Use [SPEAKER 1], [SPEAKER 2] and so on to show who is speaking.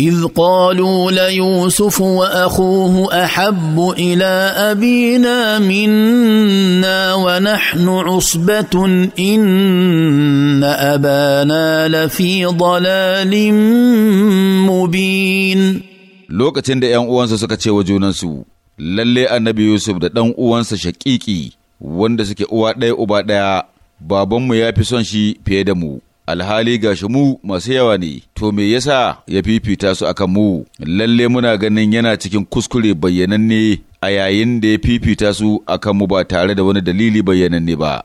[SPEAKER 1] إذ قالوا ليوسف وأخوه أحب إلى أبينا منا ونحن عصبة إن أبانا لفي ضلال مبين
[SPEAKER 2] lokacin da ‘yan uwansa suka ce wa junansu, lalle annabi Yusuf da ɗan uwansa shaƙiƙi wanda suke uwa ɗaya uba ɗaya, babanmu ya fi son shi fiye da mu. alhali ga shi mu masu yawa ne to me yasa ya fifita su akan mu lalle muna ganin yana cikin kuskure bayyananne a yayin da ya fifita su akan mu ba tare da wani dalili bayyananne ba